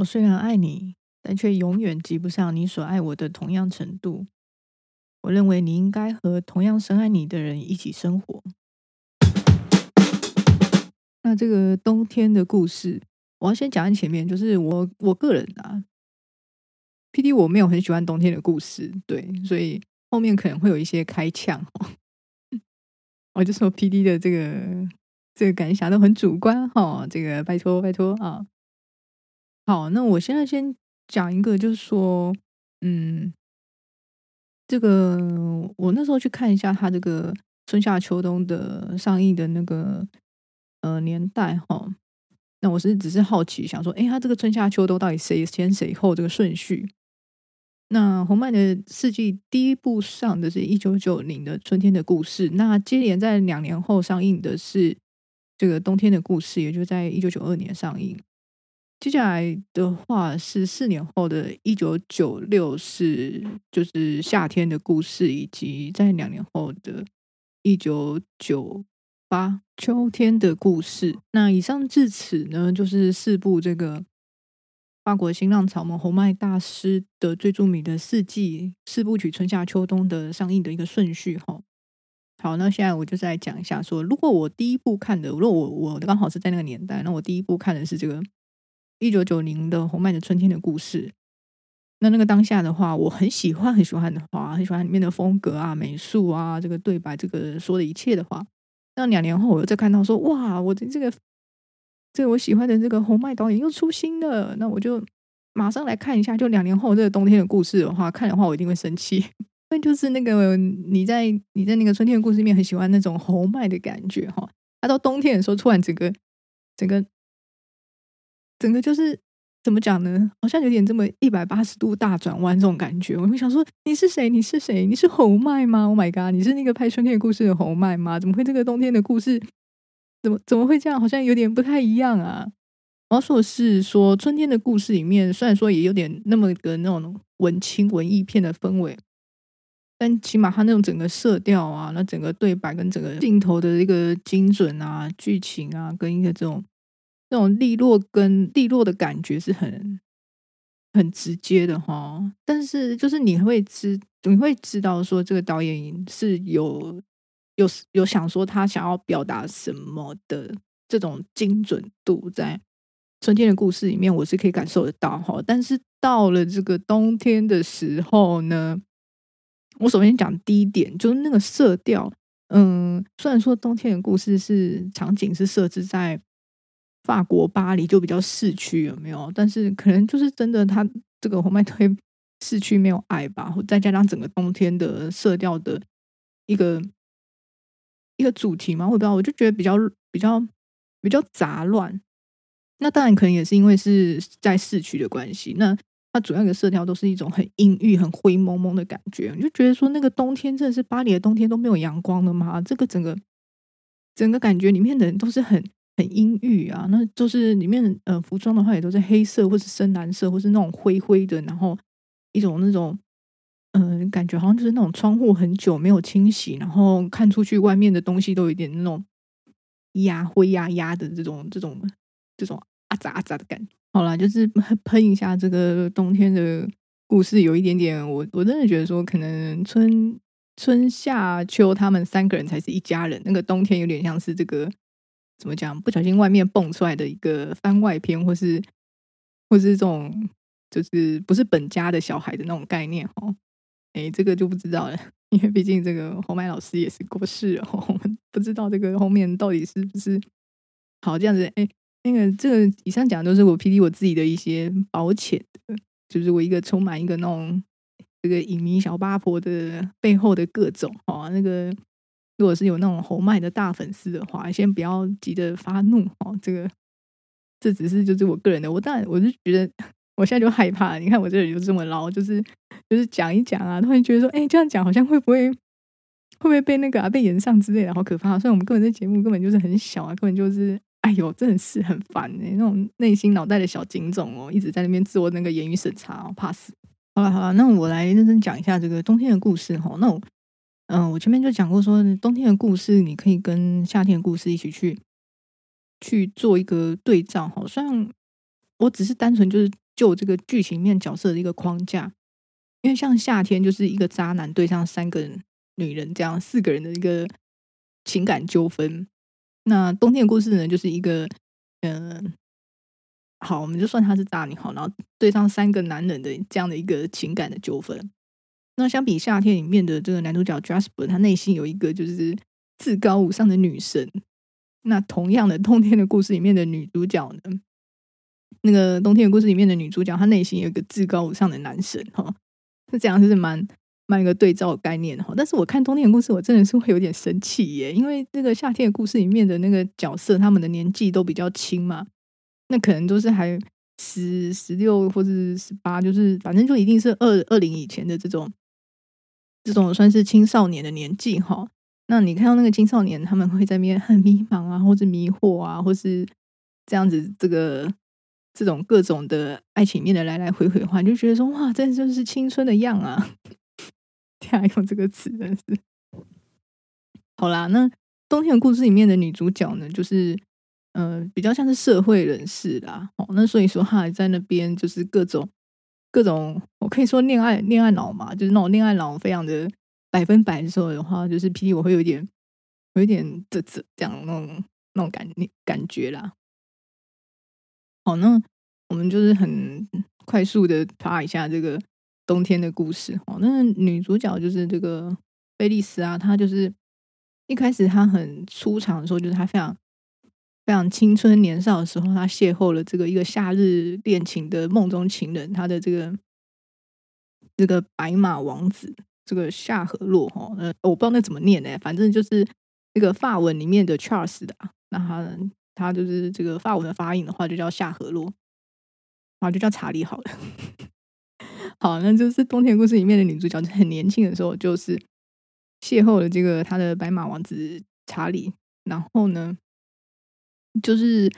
我雖然愛你，但卻永遠及不上你所愛我的同樣程度。我認為你應該和同樣深愛你的人一起生活。那這個冬天的故事，我要先講在前面，就是我我個人啊，PD 我沒有很喜歡冬天的故事，對，所以後面可能會有一些開嗆。 我就說 PD 的這個這個感想都很主觀哈，哦，這個拜託拜託啊。哦好，那我現在先講一個，就是說，嗯，這個我那時候去看一下它這個春夏秋冬的上映的那個呃年代哈。那我是只是好奇想說，哎、欸，它這個春夏秋冬到底誰先誰後這個順序？那侯麥的四季第一部上的是一九九零的春天的故事，那接連在兩年後上映的是這個冬天的故事，也就在一九九二年上映。接下來的話是四年後的一九九六，是就是夏天的故事，以及再兩年後的，一九九八秋天的故事。那以上至此呢，就是四部這個法國新浪潮嘛，侯麥大師的最著名的四季四部曲春夏秋冬的上映的一個順序哈。好，那現在我就再講一下說，說如果我第一部看的，如果我我剛好是在那個年代，那我第一部看的是這個。一九九零的《侯麥的春天的故事》，那那個當下的話，我很喜歡，很喜歡的話，很喜歡裡面的風格啊、美術啊、這個對白、這個說的一切的話。那兩年後，我又再看到說，哇，我的這個，這個我喜歡的這個侯麥導演又出新的，那我就馬上來看一下。就兩年後這個冬天的故事的話，看的話我一定會生氣。那 就是那個你在你在那個春天的故事裡面很喜歡那種侯麥的感覺哈，他、啊、到冬天的時候突然整個整個。整個就是怎麼講呢？好像有點這麼一百八十度大轉彎這種感覺。我會想說，你是誰？你是誰？你是侯麥嗎？Oh my god！你是那個拍《春天的故事》的侯麥嗎？怎麼會這個冬天的故事怎麼怎麼會這樣？好像有點不太一樣啊。我要說的是說，《春天的故事》裡面雖然說也有點那麼個那種文青文藝片的氛圍，但起碼他那種整個色調啊，那整個對白跟整個鏡頭的一個精準啊，劇情啊，跟一個這種。這種利落跟利落的感覺是很很直接的哈，但是就是你會知你會知道說這個導演是有有有想說他想要表達什麼的這種精準度，在春天的故事裡面我是可以感受得到哈，但是到了這個冬天的時候呢，我首先講第一點就是那個色調，嗯，雖然說冬天的故事是場景是設置在。法國巴黎就比較市區有沒有？但是可能就是真的，他這個侯麥推市區沒有愛吧，再加上整個冬天的色調的一個一個主題嘛，我不知道，我就覺得比較比較比較雜亂。那當然可能也是因為是在市區的關係，那它主要的色調都是一種很陰鬱、很灰蒙蒙的感覺。我就覺得說，那個冬天真的是巴黎的冬天都沒有陽光的嗎？這個整個整個感覺裡面的人都是很。很陰鬱啊，那就是裡面呃，服裝的話也都是黑色或是深藍色，或是那種灰灰的，然後一種那種嗯、呃，感覺好像就是那種窗戶很久沒有清洗，然後看出去外面的東西都有點那種壓灰壓壓的這種這種這種啊雜啊雜的感覺。好啦，就是噴一下這個冬天的故事，有一點點我我真的覺得說，可能春春夏秋他們三個人才是一家人，那個冬天有點像是這個。怎麼講？不小心外面蹦出來的一個番外篇，或是或是這種，就是不是本家的小孩的那種概念哦，哎，這個就不知道了，因為畢竟這個侯麥老師也是過世哦，我不知道這個後面到底是不是好這樣子。哎，那個這個以上講的都是我 PD 我自己的一些保險，就是我一個充滿一個那種這個影迷小八婆的背後的各種哈、哦、那個。如果是有那種侯麥的大粉絲的話，先不要急着發怒哦。這個這只是就是我個人的，我當然我就覺得我現在就害怕了。你看我這裡就這麼嘮，就是就是講一講啊，突然覺得說，誒，這樣講好像會不會會不會被那個啊被炎上之類的，好可怕啊。所以我們根本這節目根本就是很小啊，根本就是哎呦，真的是很煩誒、欸，那種內心腦袋的小警總哦，一直在那邊做那個言語審查哦，怕死。好了好了，那我來認真講一下這個冬天的故事哈、哦，那我。嗯，我前面就講過說，說冬天的故事你可以跟夏天的故事一起去去做一個對照。好，雖然我只是單純就是就這個劇情面角色的一個框架，因為像夏天就是一個渣男對上三個女人這樣四個人的一個情感糾紛，那冬天的故事呢，就是一個嗯、呃，好，我們就算他是渣女，好，然後對上三個男人的這樣的一個情感的糾紛。那相比夏天裡面的這個男主角 Jasper，他內心有一個就是至高無上的女神。那同樣的，冬天的故事裡面的女主角呢？那個冬天的故事裡面的女主角，她內心有一個至高無上的男神哈。那、哦、這樣就是蠻蠻一個對照的概念哈、哦。但是我看冬天的故事，我真的是會有點生氣耶，因為那個夏天的故事裡面的那個角色，他們的年紀都比較輕嘛，那可能都是還十十六，或者十八，就是反正就一定是二二零以前的這種。這種算是青少年的年紀哈，那你看到那個青少年，他們會在那邊很迷茫啊，或者迷惑啊，或是這樣子，這個這種各種的愛情面的來來回回話，話你就覺得說哇，真的就是青春的樣啊！這樣，用這個詞真的是好啦。那冬天的故事裡面的女主角呢，就是、呃、比較像是社會人士啦，那所以說她在那邊就是各種。各種我可以說戀愛戀愛腦嘛，就是那種戀愛腦，非常的百分百的時候的話，就是 PD 我會有一點有一點這這這樣那種那種感感覺啦。好，那我們就是很快速的扒一下這個冬天的故事哦。那個女主角就是這個菲利斯啊，她就是一開始她很出場的時候，就是她非常，像青春年少的時候，他邂逅了這個一個夏日戀情的夢中情人，他的這個這個白馬王子，這個夏河洛哈、哦，我不知道那怎麼念呢，反正就是這個法文裡面的 Charles 的，那他他就是這個法文的發音的話，就叫夏河洛，啊，就叫查理好了。 好，那就是冬天故事裡面的女主角，很年輕的時候，就是邂逅了這個他的白馬王子查理，然後呢，就是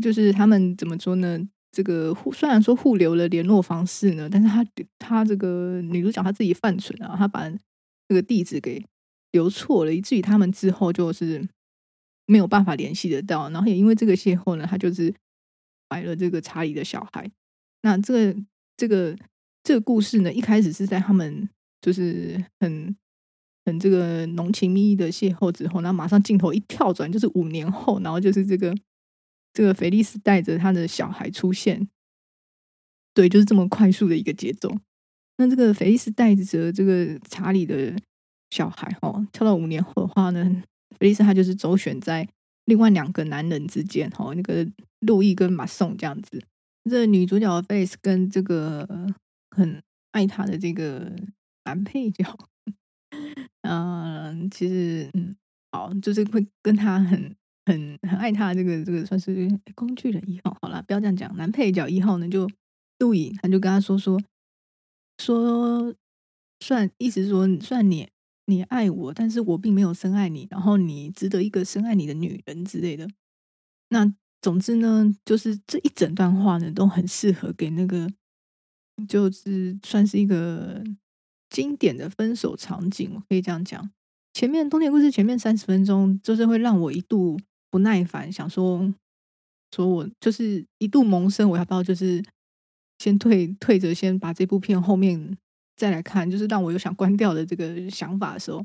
就是他們怎麼說呢？這個互雖然說互留了聯絡方式呢，但是他他這個女主角她自己犯蠢啊，她把這個地址給留錯了，以至於他們之後就是沒有辦法聯繫得到。然後也因為這個邂逅呢，他就是懷了這個查理的小孩。那這個這個這個故事呢，一開始是在他們就是很。等這個濃情蜜意的邂逅之後，那馬上鏡頭一跳轉就是五年後，然後就是這個這個菲利斯帶着他的小孩出現，對，就是這麼快速的一個節奏。那這個菲利斯帶着這個查理的小孩哦，跳到五年後的話呢，菲利斯他就是周旋在另外兩個男人之間哈、哦，那個路易跟馬宋這樣子。這個、女主角菲利斯跟這個很愛她的這個男配角。嗯，其實，嗯，好，就是會跟他很很很愛他，這個這個算是、欸、工具人一號，好啦，不要這樣講。男配角一號呢，就對影，他就跟他說說說，算意思說算你你愛我，但是我並沒有深愛你，然後你值得一個深愛你的女人之類的。那總之呢，就是這一整段話呢，都很適合給那個，就是算是一個。經典的分手場景，我可以這樣講。前面《冬天故事》前面三十分鐘，就是會讓我一度不耐煩，想說，說我就是一度萌生我要不要就是先退退着，先把這部片後面再來看，就是讓我有想關掉的這個想法的時候。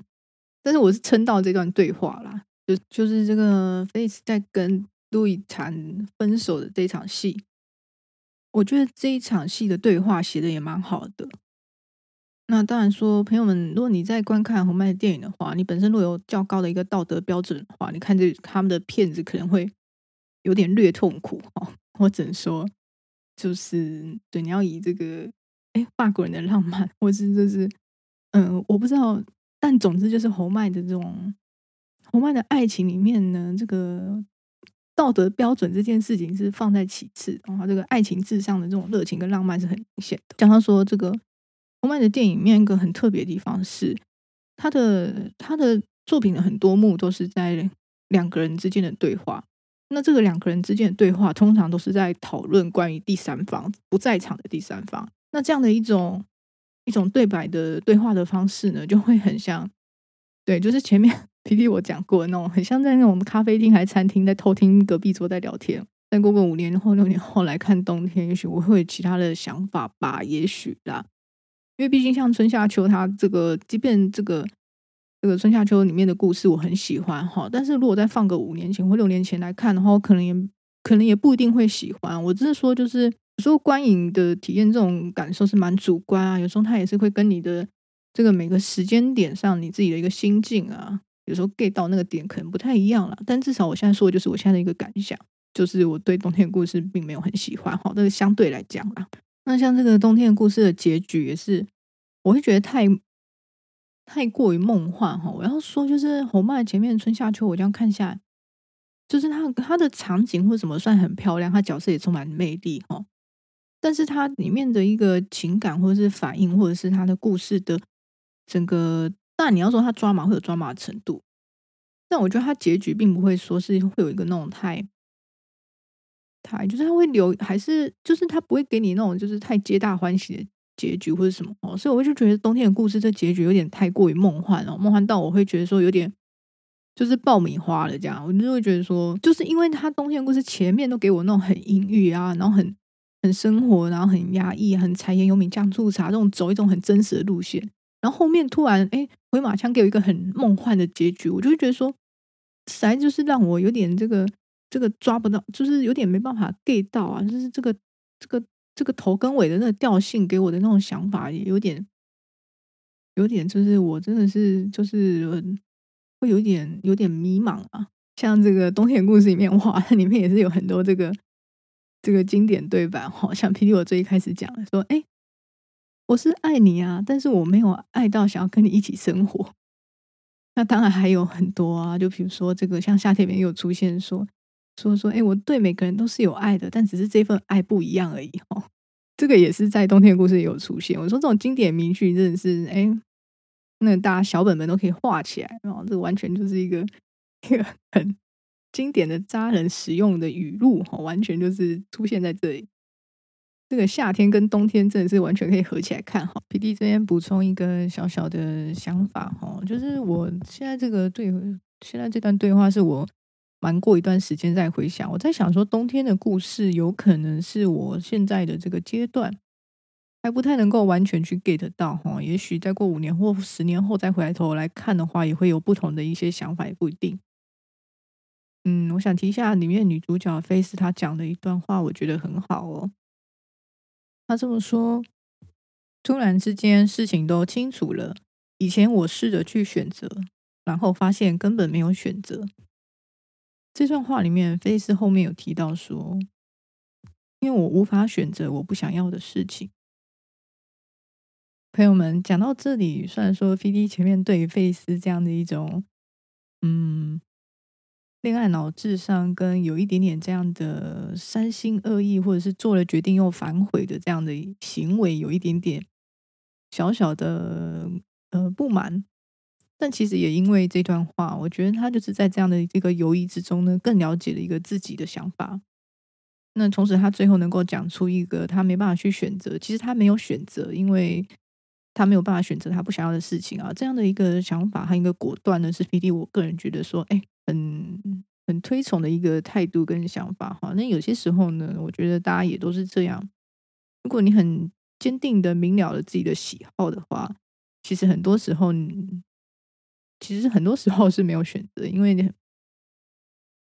但是我是撐到這段對話啦，就就是這個 Face 在跟路易談分手的這場戲，我覺得這一場戲的對話寫的也蠻好的。那當然說，朋友們，如果你在觀看侯麥的電影的話，你本身如果有較高的一個道德標準的話，你看這他們的片子可能會有點略痛苦哈、哦。我只能說，就是對你要以這個哎法國人的浪漫，或是就是嗯、呃，我不知道，但總之就是侯麥的這種侯麥的愛情裡面呢，這個道德標準這件事情是放在其次，然、哦、後這個愛情至上的這種熱情跟浪漫是很明顯的。像他說這個。侯麥的電影面一個很特別的地方是，他的他的作品的很多幕都是在兩,兩個人之間的對話。那這個兩個人之間的對話，通常都是在討論關於第三方不在場的第三方。那這樣的一種一種對白的對話的方式呢，就會很像，對，就是前面 PD 我講過那種很像在那種咖啡廳還是餐廳在偷聽隔壁桌在聊天。但過個五年後六年後來看冬天，也許我會有其他的想法吧，也許啦。因為畢竟像春夏秋，它這個即便這個這個春夏秋裡面的故事，我很喜歡哈。但是如果再放個五年前或六年前來看，然後可能也可能也不一定會喜歡。我只是說，就是有時候觀影的體驗這種感受是蠻主觀啊。有時候它也是會跟你的這個每個時間點上你自己的一個心境啊，有時候 get 到那個點可能不太一樣了。但至少我現在說的就是我現在的一個感想，就是我對冬天的故事並沒有很喜歡哈。但是相對來講嘛。那像這個冬天的故事的結局也是，我會覺得太太過於夢幻哈。我要說就是侯麥前面春夏秋，我這樣看一下，就是他他的場景或什麼算很漂亮，他角色也充滿魅力哈。但是它裡面的一個情感或者是反應或者是他的故事的整個，但你要說他抓馬會有抓馬的程度，但我覺得他結局並不會說是會有一個那種太。就是他會留，還是就是他不會給你那種就是太皆大歡喜的結局或者什麼哦，所以我就覺得《冬天的故事》這結局有點太過於夢幻了、哦，夢幻到我會覺得說有點就是爆米花了這樣，我就會覺得說，就是因為他《冬天的故事》前面都給我那種很陰鬱啊，然後很很生活，然後很壓抑，很柴米油鹽醬醋茶這種走一種很真實的路線，然後後面突然哎回馬槍給我一個很夢幻的結局，我就會覺得說，實在就是讓我有點這個。這個抓不到，就是有點沒辦法 get 到啊！就是這個、這個、這個頭跟尾的那個調性，給我的那種想法也有點、有點，就是我真的是就是會有點、有點迷茫啊。像這個冬天故事裡面，哇，裡面也是有很多這個這個經典對白，好、哦、像 PD 我最一開始講說，哎，我是愛你啊，但是我沒有愛到想要跟你一起生活。那當然還有很多啊，就比如說這個，像夏天裡面又出現說。所以說，說，哎，我對每個人都是有愛的，但只是這份愛不一樣而已。哦。這個也是在冬天故事有出現。我說這種經典名句真的是，哎，那個、大家小本本都可以畫起來。然、哦、後，這完全就是一個一個很經典的、渣人使用的語錄。哈、哦，完全就是出現在這裡。這個夏天跟冬天真的是完全可以合起來看。哈，PD 這邊補充一個小小的想法。哈、哦，就是我現在這個對，現在這段對話是我。蠻過一段時間再回想，我在想說，冬天的故事有可能是我現在的這個階段還不太能夠完全去 get 到哈。也許再過五年或十年後再回來頭來看的話，也會有不同的一些想法，也不一定。嗯，我想提一下裡面女主角菲 e 她講的一段話，我覺得很好哦。她這麼說：“突然之間事情都清楚了，以前我試着去選擇，然後發現根本沒有選擇。”這段話裡面，費斯後面有提到說：“因為我無法選擇我不想要的事情。”朋友們，講到這裡，雖然說 PD 前面對於費斯這樣的一種，嗯，戀愛腦智商跟有一點點這樣的三心二意，或者是，做了決定又反悔的這樣的行為，有一點點小小的呃不滿。但其實也因為這段話，我覺得他就是在這樣的一個猶豫之中呢，更了解了一個自己的想法。那同時，他最後能夠講出一個他沒辦法去選擇，其實他沒有選擇，因為他沒有辦法選擇他不想要的事情啊。這樣的一個想法和一個果斷的是 PD，我個人覺得說，哎，很很推崇的一個態度跟想法哈。那有些時候呢，我覺得大家也都是這樣。如果你很堅定的明了了自己的喜好的話，其實很多時候。其實很多時候是沒有選擇，因為你，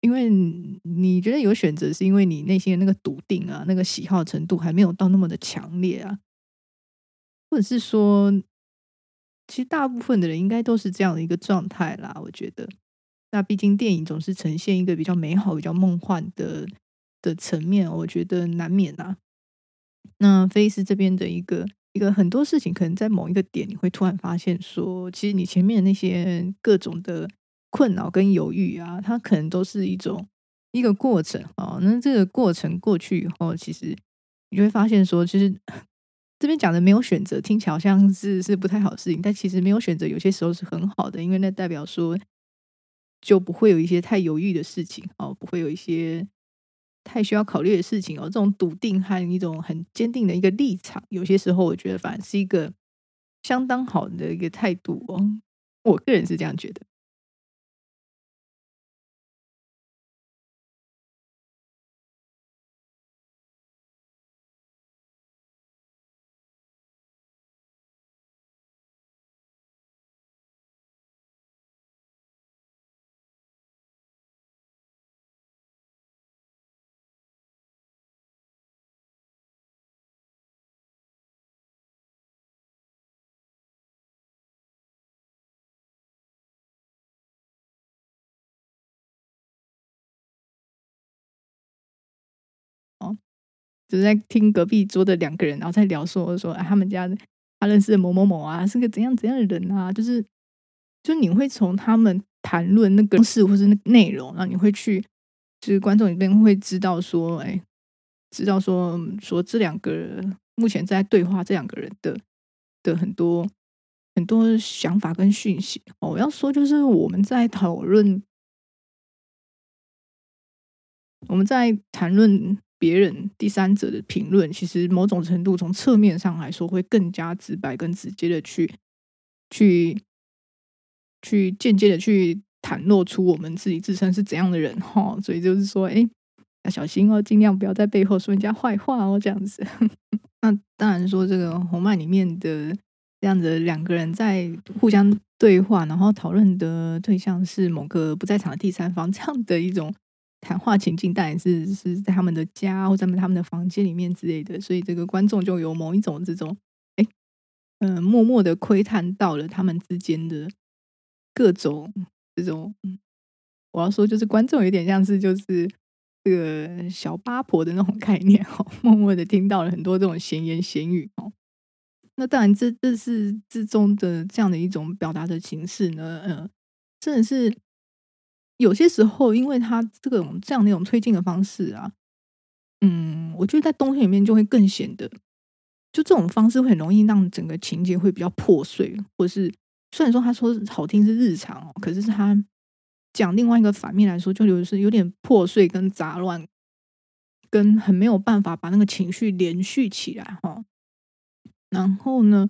因為你覺得有選擇，是因為你內心的那個篤定啊，那個喜好程度還沒有到那麼的強烈啊，或者是說，其實大部分的人應該都是這樣的一個狀態啦，我覺得。那畢竟電影總是呈現一個比較美好、比較夢幻的的層面哦，我覺得難免啦、啊。那菲斯這邊的一個。一個很多事情，可能在某一個點，你會突然發現說，其實你前面那些各種的困擾跟猶豫啊，它可能都是一種一個過程啊。那這個過程過去以後，其實你就會發現說，其實這邊講的沒有選擇，聽起來好像是是不太好的事情，但其實沒有選擇，有些時候是很好的，因為那代表說就不會有一些太猶豫的事情哦，不會有一些。太需要考慮的事情哦，這種篤定，還有一種很堅定的一個立場，有些時候我覺得反而是一個相當好的一個態度哦，我個人是這樣覺得。只是在聽隔壁桌的兩個人，然後在聊說說、啊、他們家他認識的某某某啊，是個怎樣怎樣的人啊，就是，就你會從他們談論那個事或是那個內容，然後你會去，就是觀眾裡面會知道說，哎，知道說說這兩個人目前在對話，這兩個人的的很多很多想法跟訊息。哦、我要說，就是我們在討論，我們在談論。別人、第三者的評論，其實某種程度從側面上來說，會更加直白、跟直接的去、去、去間接的去袒露出我們自己自身是怎樣的人哈。所以就是說，哎、欸，要小心哦，盡量不要在背後說人家壞話哦，這樣子。 那當然說，這個侯麥裡面的這樣子兩個人在互相對話，然後討論的對象是某個不在場的第三方，這樣的一種。談話情境當然是是在他們的家或者在他們的房間裡面之類的，所以這個觀眾就有某一種這種哎，嗯、欸呃，默默的窺探到了他們之間的各種這種、嗯，我要說就是觀眾有點像是就是這個小八婆的那種概念哦，默默的聽到了很多這種閒言閒語哦。那當然這，這這是之中的這樣的一種表達的形式呢，嗯、呃，真的是。有些時候，因為他這種這樣那種推進的方式啊，嗯，我覺得在冬天裡面就會更顯得，就這種方式會很容易讓整個情節會比較破碎，或是雖然說他說好聽是日常哦，可是是他講另外一個反面來說，就就是有點破碎跟雜亂，跟很沒有辦法把那個情緒連續起來哈、哦。然後呢，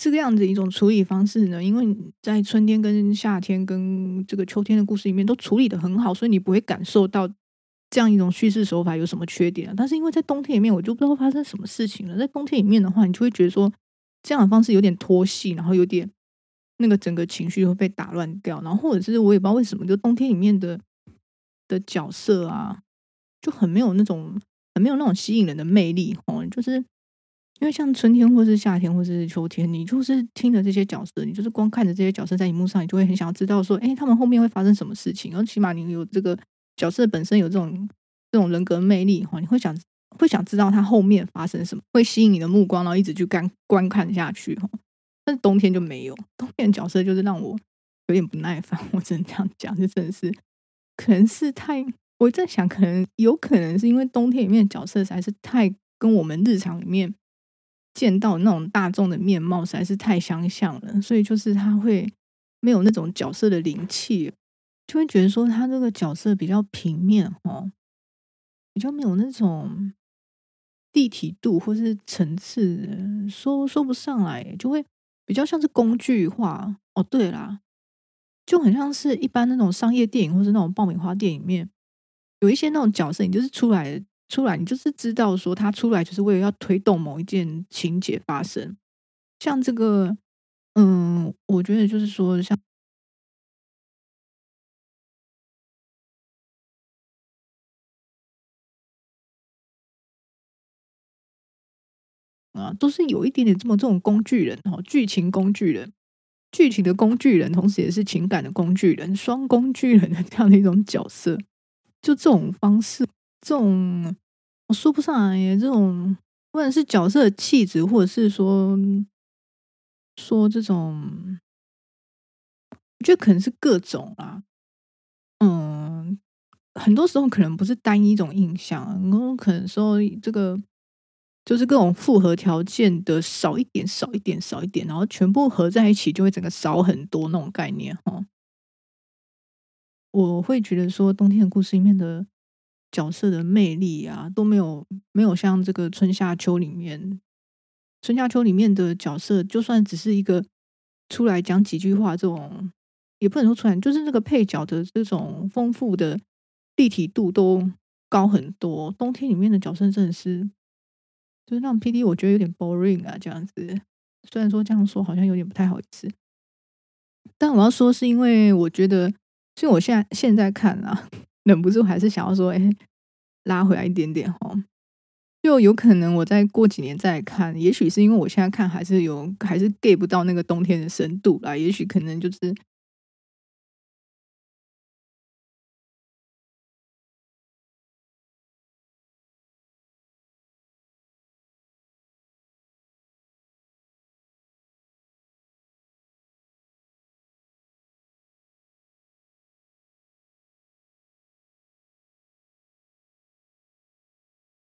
這個樣子一種處理方式呢，因為在春天跟夏天跟這個秋天的故事裡面都處理得很好，所以你不會感受到這樣一種敘事手法有什麼缺點啊。但是因為在冬天裡面，我就不知道會發生什麼事情了。在冬天裡面的話，你就會覺得說這樣的方式有點拖戲，然後有點那個整個情緒會被打亂掉，然後或者是我也不知道為什麼，就冬天裡面的的角色啊，就很沒有那種很沒有那種吸引人的魅力哦，就是。因為像春天或是夏天或是秋天，你就是聽着這些角色，你就是光看着這些角色在熒幕上，你就會很想要知道說，哎，他們後面會發生什麼事情？然後起碼你有這個角色本身有這種這種人格魅力，哈，你會想會想知道他後面發生什麼，會吸引你的目光，然後一直去觀觀看下去，哈。但是冬天就沒有，冬天的角色就是讓我有點不耐煩。我只能這樣講，就真的是可能是太，我在想，可能有可能是因為冬天裡面的角色實在是太跟我們日常裡面。見到那種大眾的面貌實在是太相像了，所以就是他會沒有那種角色的靈氣，就會覺得說他這個角色比較平面哦，比較沒有那種立體度或是層次，說說不上來，就會比較像是工具化哦。對啦，就很像是一般那種商業電影或是那種爆米花電影裡面有一些那種角色，你就是出來。出來，你就是知道說他出來就是為了要推動某一件情節發生，像這個，嗯，我覺得就是說像，像啊，都是有一點點這麼這種工具人哦，劇情工具人，劇情的工具人，同時也是情感的工具人，雙工具人的這樣的一種角色，就這種方式。這種我說不上來耶，這種問的是角色氣質，或者是說說這種，我覺得可能是各種啊。嗯，很多時候可能不是單一種印象，可能說這個就是各種複合條件的少一點，少一點，少一點，然後全部合在一起，就會整個少很多那種概念哈。我會覺得說，《冬天的故事》裡面的。角色的魅力啊，都沒有沒有像這個春夏秋裡面《春夏秋》裡面，《春夏秋》裡面的角色，就算只是一個出來講幾句話，這種也不能說出來，就是那個配角的這種豐富的立體度都高很多。冬天裡面的角色真的是，就是讓 P.D. 我覺得有點 boring 啊，這樣子。雖然說這樣說好像有點不太好意思，但我要說是因為我覺得，因為我現在現在看啊。忍不住還是想要說，哎、欸，拉回來一點點哦，就有可能我再過幾年再看，也許是因為我現在看還是有還是 get 不到那個冬天的深度啦，也許可能就是。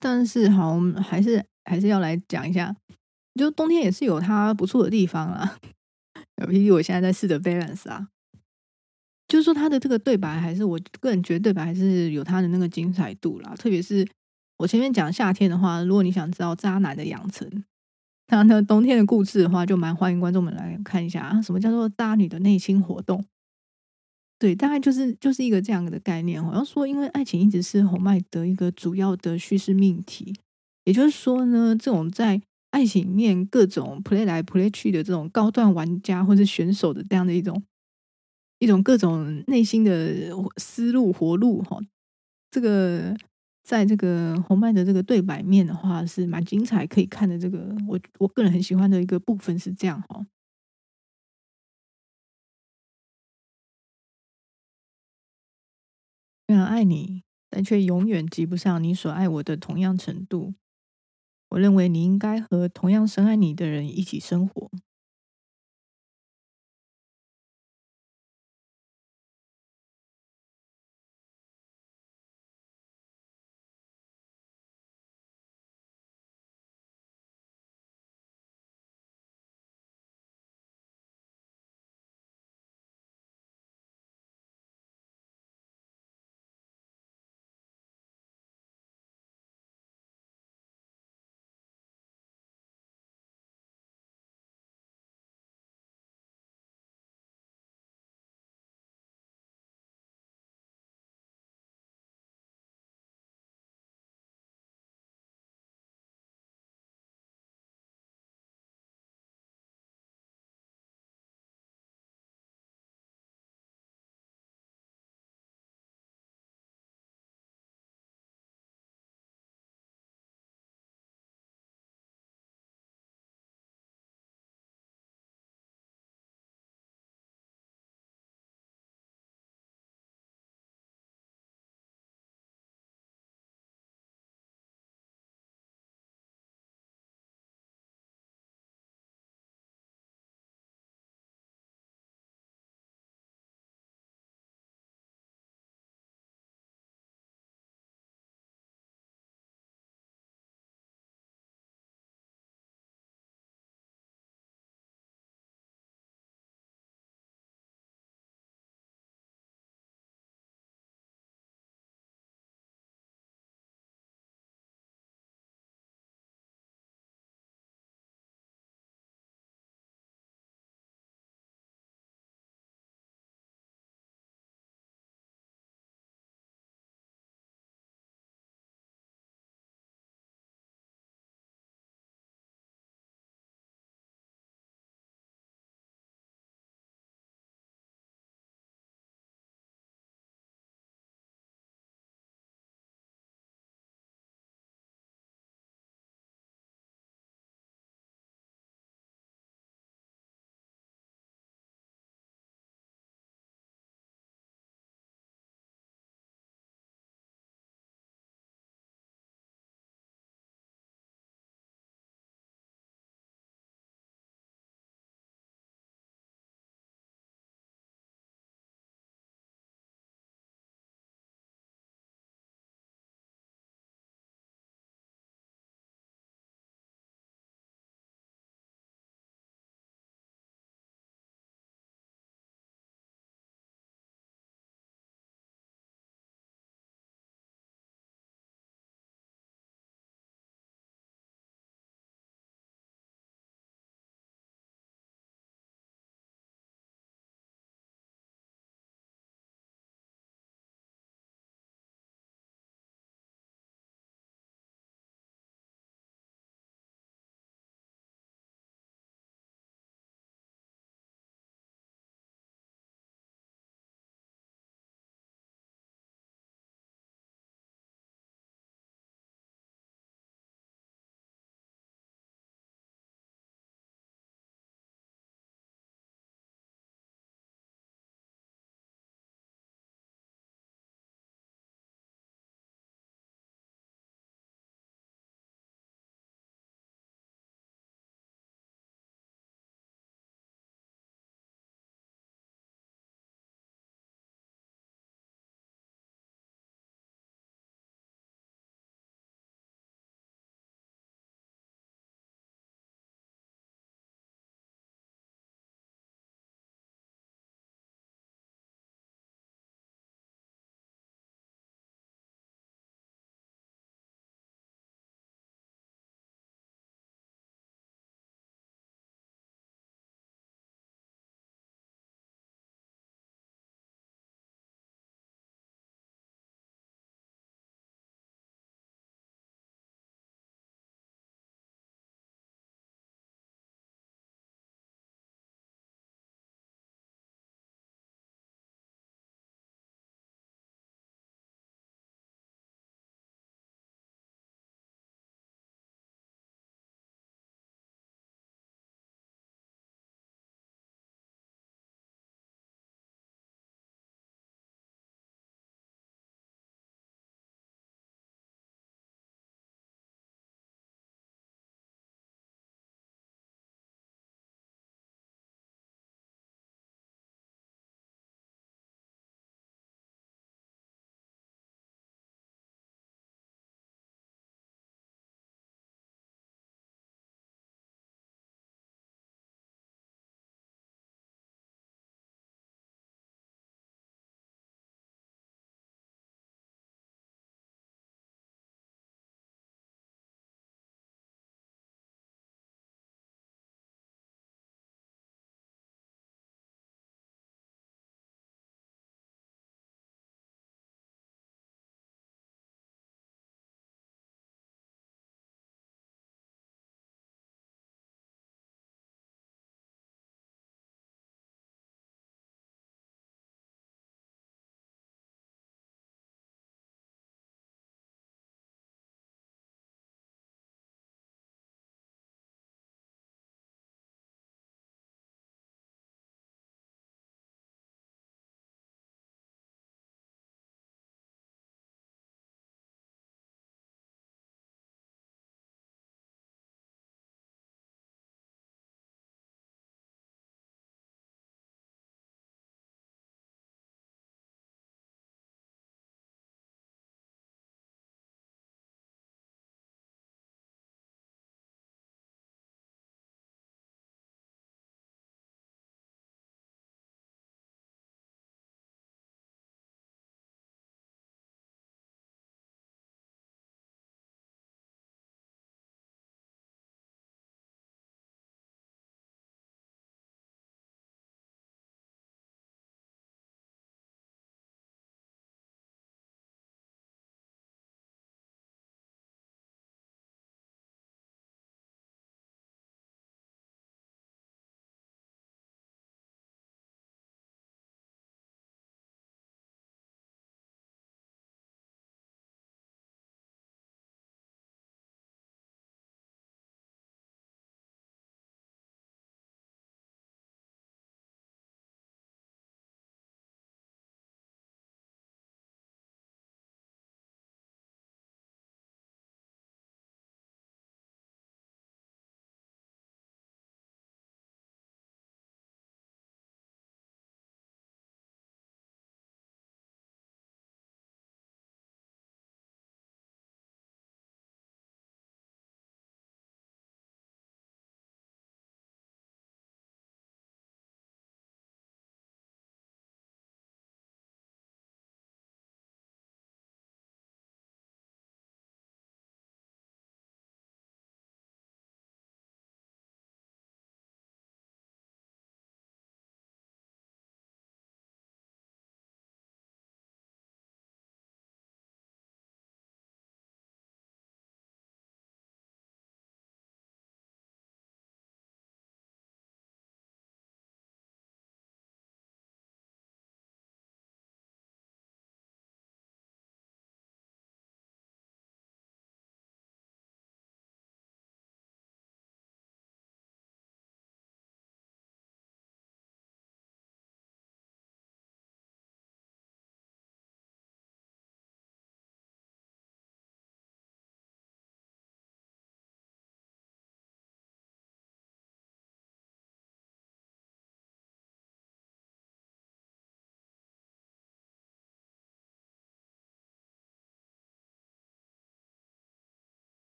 但是好，我們還是還是要來講一下，就冬天也是有它不錯的地方啦。小 P，我現在在試着 balance 啊，就是說它的這個對白還是我個人覺得對白還是有它的那個精彩度啦。特別是我前面講夏天的話，如果你想知道渣男的養成，那呢冬天的故事的話，就蠻歡迎觀眾們來看一下啊，什麼叫做渣女的內心活動。對，大概就是就是一個這樣的概念。好像說，因為愛情一直是侯麥的一個主要的敘事命題，也就是說呢，這種在愛情面各種 play 來 play 去的這種高段玩家或者選手的這樣的一種一種各種內心的思路活路哈，這個在這個侯麥的這個對白面的話是蠻精彩可以看的。這個我我個人很喜歡的一個部分是這樣哈。雖然愛你，但卻永遠及不上你所愛我的同樣程度。我認為你應該和同樣深愛你的人一起生活。